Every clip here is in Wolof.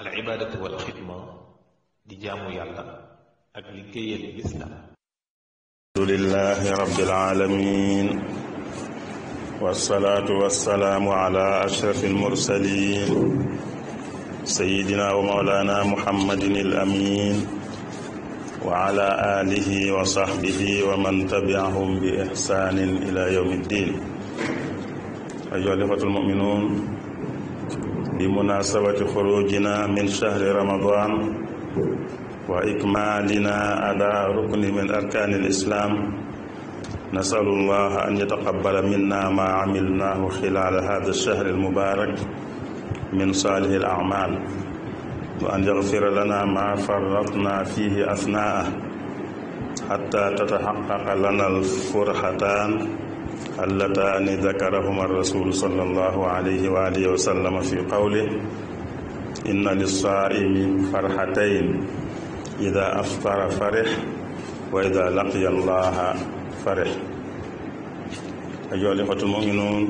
al ibaadatu wal xidma di jaamu yàlla ak liggéeyal lislaam alhamdulillahi rabbil alamin wasalaatu wasalaamu ala ashraf almursalin sayidina wa maulana muhammadin al amin wa ala alihi wa sahbihi wa man tabiahum bi ihsanin ila yawmi ddin ayuha alifatul muminun بمناسبة خروجنا من شهر رمضان وإكمالنا على ركن من أركان الإسلام نسأل الله أن يتقبل منا ما عملناه خلال هذا الشهر المبارك من صالح الأعمال وأن يغفر لنا ما فرطنا فيه أثناءه حتى تتحقق لنا الفرحتان allataani dakarahuma arrasul sallallahu alayhi wa alihi wa sallama fi qawli inna lissaaimi farxatayn ida aftara farix wa ida laqiya allaha farix ayoha lixatu moo ngi noonu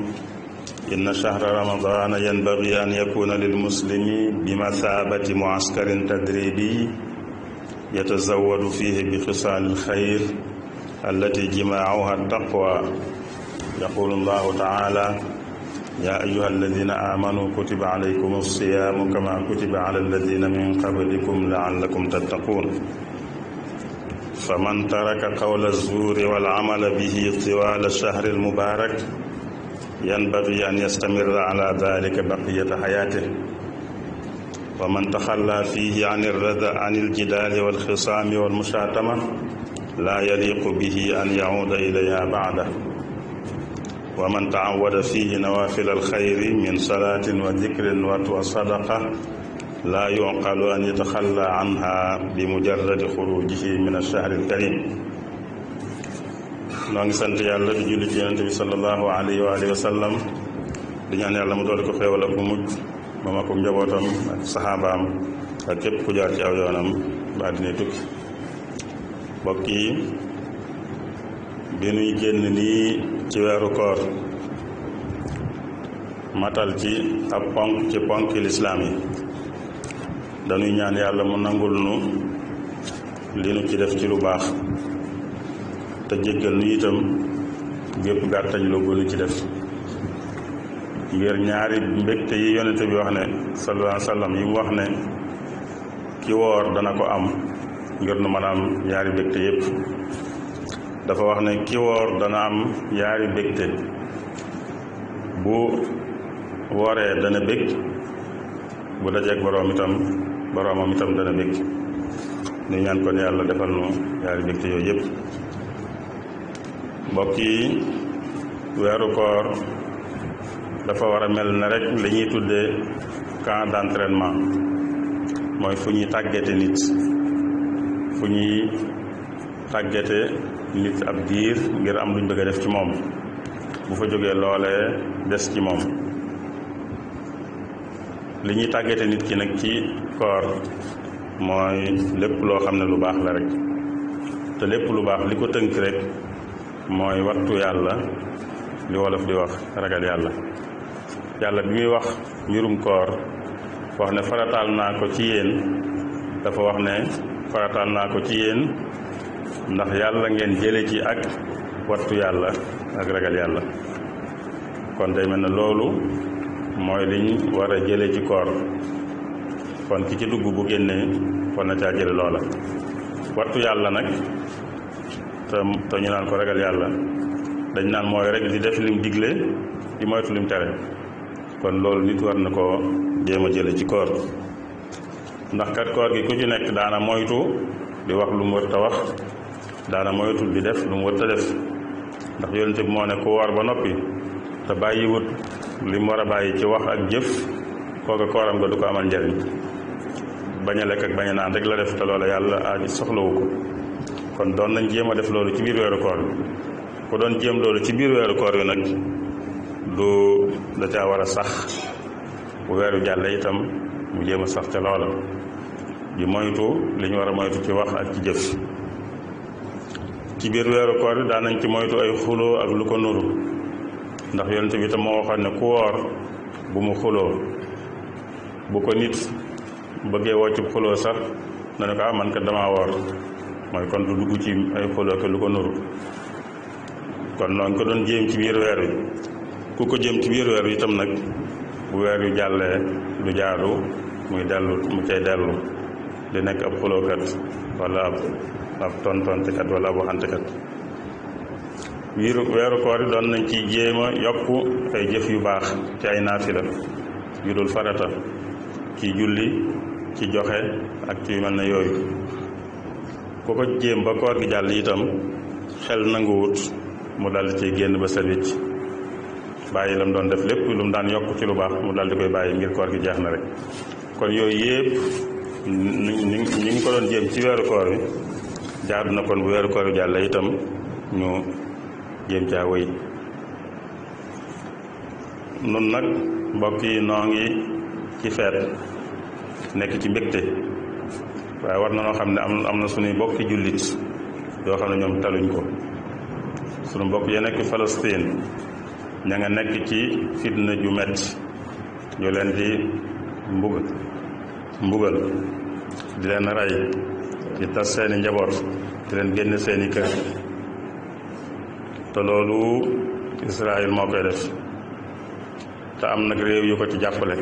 inna chahra ramadana yanbagi an yakuna lilmuslimi bimathabati muaskarin tadribi yatazawadu fihi bi xisaani alxayr allati jimaacuha taqwa yaqulu allahu taala yaa ayuha alladina aamanu kutiba alaykum alsiyaamu kama kutiba ala alladina min qablikum laallakum tattaquun faman taraka qawla zuuri walcamala bihi tiwaala alshahri almubaarak yanbagi an yastamira ala dalika baqiyata xayaatih wa man taxallaa fiihi an irrada an iljidaali walxisaami walmushaatama laa yaliqu bihi an yacuuda ilayha bacda wa man fihi nawafila alxayri min salaatin wa dikrin wa sadaqa laa yuqalu an yataxalla anha bi mujarradi xurujihi min alchahri alkarim noo ngi sant yàlla di julli ci yonente bi salallahu alayhi wa alihi wa sallam di ñaan yàlla mu dool ko xéewal ak mujj moom ak njabootam ak saxaabaam ak képp ku jaar ci tukki mbokk bi nuy génn ci weeru koor matal ci ab ponk ci ponki lislaam yi dañuy ñaan yàlla mu nangul nu li nu ci def ci lu baax te jéggal nu itam gépp gàttañ lu gënu ci def ngir ñaari mbégte yi yonente bi wax ne sallallahu alayhi wa sallam yi mu wax ne ki woor dana ko am ngir nu mën am ñaari mbégte yépp dafa wax ne ki woor dana am yaari bégte bu wooree dana bég bu dajeeg boroom itam boroomam itam dana bég nu ñaan kon yàlla defal nu ñaari bégte yooyu yëpp mbokk yi weeru koor dafa war a mel ne rek li ñuy tuddee camp mooy fu ñuy tàggate nit fu ñuy tàggate nit ab diir ngir am luñ bëgg a def ci moom bu fa jógee loolee des ci moom li ñuy tàggate nit ki nag ci koor mooy lépp loo xam ne lu baax la rek te lépp lu baax li ko tënk rek mooy wattu yàlla li wolof di wax ragal yàlla yàlla bi muy wax mbirum koor wax ne farataal naa ko ci yéen dafa wax ne farataal naa ko ci yéen ndax yàlla ngeen jële ci ak wattu yàlla ak ragal yàlla kon day mel na loolu mooy liñ war jële ci koor kon ki ci dugg bu génnee war na caa jële loola wattu yàlla nag te te naan ko ragal yàlla dañ naan mooy rek di def lim digle di moytu lim tere kon loolu nit war na koo jéem a jële ci koor ndax kat koor gi ku ci nekk daana moytu di wax lu mu wax daana moytul di def lu mu wërta def ndax yonente bi moo ne ku woor ba noppi te bàyyiwut li mu war a bàyyi ci wax ak jëf kooka kooram nga du ko amal njariñ bañ lekk ak bañ naan rek la def te loola yàlla aaj soxlawu ko kon doon nañ jéem a def loolu ci biir weeru koor bi ku doon jéem loolu ci biir weeru koor bi nag du da caa war a sax bu weeru jàlle itam mu jéem a sax te loola di moytu li ñu war a moytu ci wax ak ci jëf ci biir weeru koor bi daanañ ci moytu ay xuloo ak lu ko nuru ndax yonent bi tam moo waxoon ne ku woor bu mu xuloo bu ko nit bëggee woccub xuloo sax na ne ko ah man woor mooy kon du dugg ci ay xuloo ke lu ko nuru kon noonu ko doon jéem ci biir weer wi ku ko jéem ci biir weer wi itam nag bu weer yu jàllee du jaadu muy dellu mu cay dellu di nekk ab xulookat wala ab ab tontontekat wala ab waxantekat wiiru weeru koor yi doon nañ ci jéema a yokk ay jëf yu baax ci ay la yu dul farata ci julli ci joxe ak ci man na yooyu ku ko jéem ba koor gi jàll itam xel nanguwut mu daldi ci génn ba sawit bàyyi la mu doon def lépp lu mu daan yokk ci lu baax mu daldi koy bàyyi ngir koor gi jeex na rek kon yooyu yépp ñu ngi ko doon jéem ci weeru koor bi jaadu na kon bu weeru koor jàll itam ñu jéem caa wéy nun nag mbokk yi noo ngi ci feet nekk ci mbégte waaye war na noo xam ne am na suñuy bokki jullit yoo xam ne ñoom taluñ ko sunu mbokk ya nekk Palestine ña nekk ci fitna ju metti ñu leen di mbug mbugal di leen rey li tas seeni njaboot di leen génn seeni kër te loolu Israël moo koy def te am nag réew yu ko ci jàppale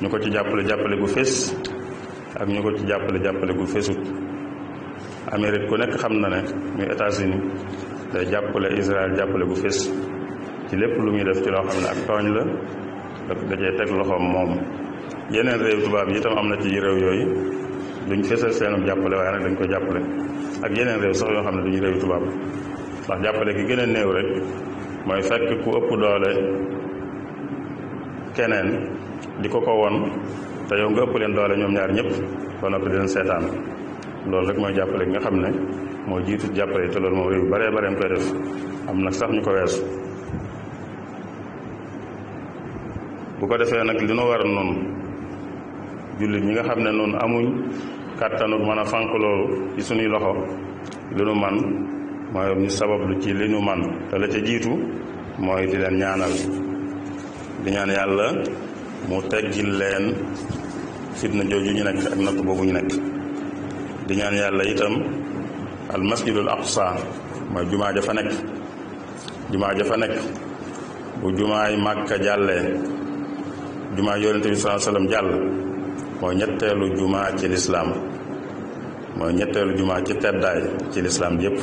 ñu ko ci jàppale jàppale gu fés ak ñu ko ci jàppale jàppale gu fésut Amérique ku xam na ne muy day jàppale Israël jàppale gu fés ci lépp lu muy def ci loo xam ne ak tooñ la da cay teg loxoom moom yeneen réew tubaab yi itam am na ci réew yooyu duñ fesal seenum jàppale waaye nag dañ ko jàppale ak yeneen réew sax yoo xam ne duñu réew tubaab ndax jàppale gi gën a néew rek mooy fekk ku ëpp doole keneen di ko ko won te yow nga ëpp leen doole ñoom ñaar ñëpp ba noppi di seetaan loolu rek mooy jàppale gi nga xam ne moo jiitu jàppale te loolu moom réew yu bare baree koy def am nag sax ñu ko wees bu ko defee nag li nu war noonu jullit ñi nga xam ne noonu amuñ kàttanuk man a fànq loolu ci suñuy loxo li nu man mooy ñu sabablu ci li nu man te la ca jiitu mooy di leen ñaanal di ñaan yàlla mu teggil leen fitna jooju ñu nekk ak natt boobu ñu nekk di ñaan yàlla itam al masjidul aqsa mooy jumaa ja fa nekk jumaa ja fa nekk bu jumaay màkka jàllee jumaa yonente bi sallallahu alayhi jàll mooy ñetteelu jumaa ci lislaam mooy ñetteelu jumaa ci teddaay ci lislaam yëpp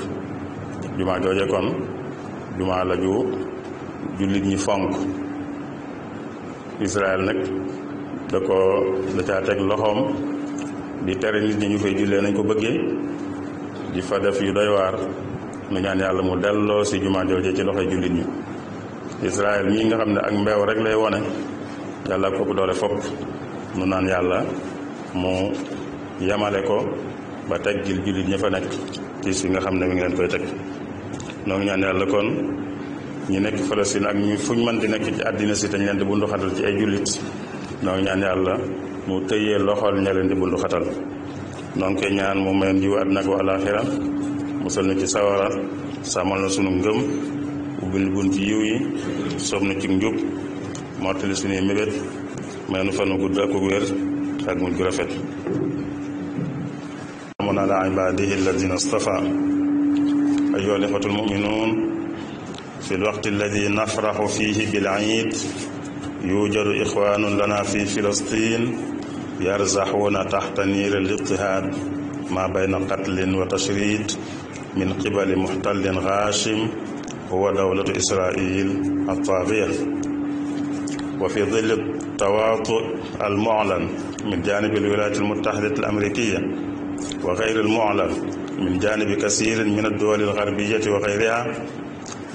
jumaa jooje kon jumaa la ju jullit ñi fonk Israël nag da ko da teg loxoom di tere nit ñi ñu fay jullee nañ ko bëggee di fa def yu doy waar nu ñaan yàlla mu delloo si jumaa jooje ci loxoy jullit ñi Israël mii nga xam ne ak mbeew rek lay wone yàlla ko doole fopp nu naan yàlla mu yamale ko ba teggil jullit ña fa nekk tiis yi nga xam ne mi ngeen koy teg noo ngi ñaan yàlla kon ñu nekk Falastin ak ñu fuñ mën di nekk ci àddina si dañ leen di bundu ci ay jullit noo ngi ñaan yàlla mu tëyee loxool ña leen di bundu xatal noo ngi koy ñaan mu may yiw àddina ak alaaxira musal na ci sawara sàmmal na sunu ngëm ubbil bunt yiw yi soob na ci njub mottali suñuy mébét may nu fanu gudd ak wér ak mujj gu rafet rahmaanu ala ibaadihi alladina stafa ayyuha alixwatu almuminuun fi alwaqti alladi nafraxu fihi bilciid yuujadu ixwaanun lana fi filastin yarzaxuuna taxta niir alittihaad maa bayna qatlin wa tashrid min qibali muxtallin gaashim huwa dawlatu israil attaagiya wa fi dilli tawaatu almuclan min jaanibi alwilaayati almutaxidati alamrikiya wa xayri almuclan min janibi kasirin min addooli algarbiyati wa xayriha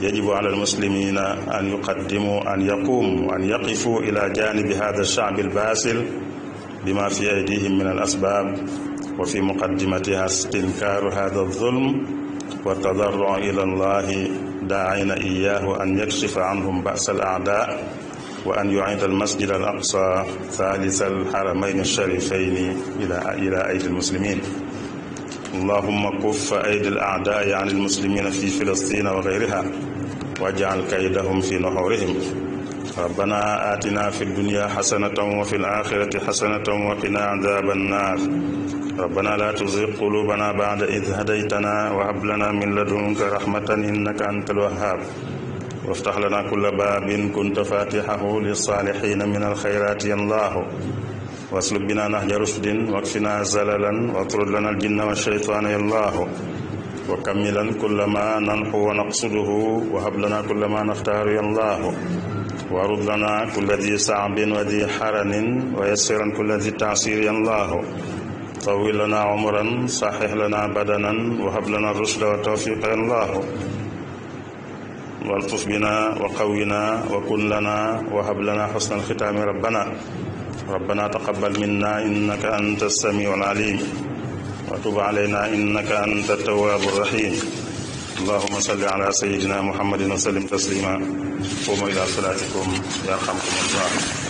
yajibu ala almuslimina an yuqaddimu an yaqumu an yaqifu ila janibi hada alshacbi albaasil bima fi aydihim min alasbab wa fi muqaddimatiha istinkaaru hada alzulm wa tadarrucu ila allahi daacina iyahu an yakshifa anhum basa alacdaa wa an yucida almasjid al aqsa thalith alxaramayn alsharifayni ila aydi almuslimin allahuma kuf aydi al aadaai an almuslimina fi filastina wa geyriha waj'al kaydahum fi nuxurihim rabbana atina fi dunya xasanatan wa fi alaxirati xasanatan wa qina adaba annar rabbana la tuzig qulubana bada id hadaytana wa hab lana min ladunka rahmatan innaka anta alwahhab waftax lana kulla baabin kunta fatixahu lisaalixina min alxayraati ya allahu waslub binaa nahja rushdin wakfinaa zalalan watrud lana aljinna walshaytaana yallaahu wa kamilan kulla ma nanxu wa naqsuduhu wa hab lana kulla ma naxtaaru yallaahu warud lana kulla di saabin wa di xaranin wa yassiran kulla di taasir yallaahu tawil lana umran saxix lana badanan wa hab lana rushda wa tawfiqa yallaahu waltuf bina wa qawwina wa kun lana wa hab lana xusna alxitaami rabbana ربنا تقبل منا إنك أنت السميع العليم وتب علينا إنك أنت التواب الرحيم اللهم صل على سيدنا محمد وسلم تسليما قوموا إلى صلاتكم يرحمكم الله